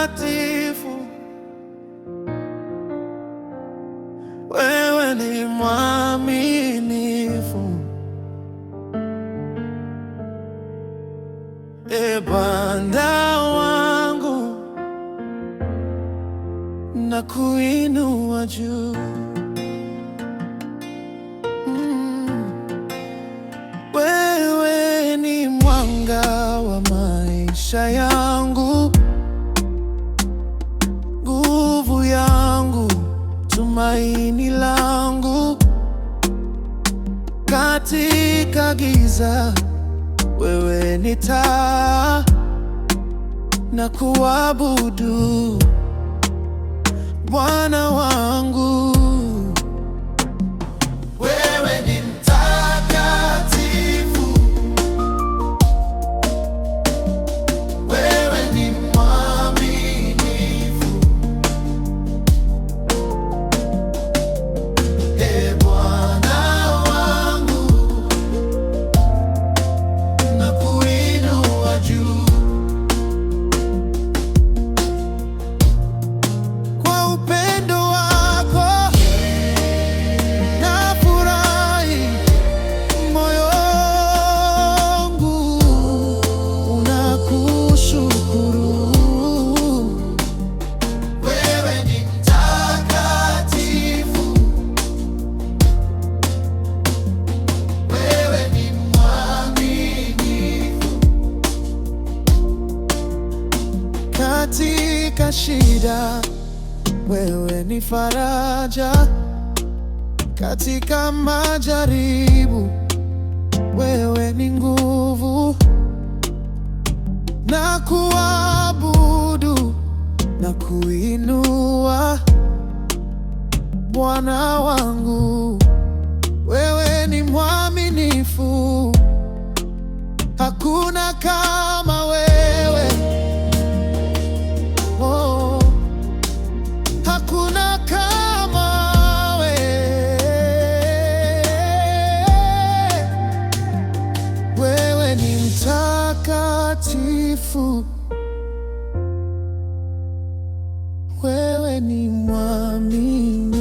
mtakatifu, wewe ni mwaminifu. E Bwana wangu, nakuinua juu katika giza, wewe ni taa na kuabudu Bwana wa katika shida, wewe ni faraja katika majaribu, wewe ni nguvu. Na kuabudu na kuinua, Bwana wangu, wewe ni mwaminifu, hakuna kama ni mtakatifu, wewe ni mwamini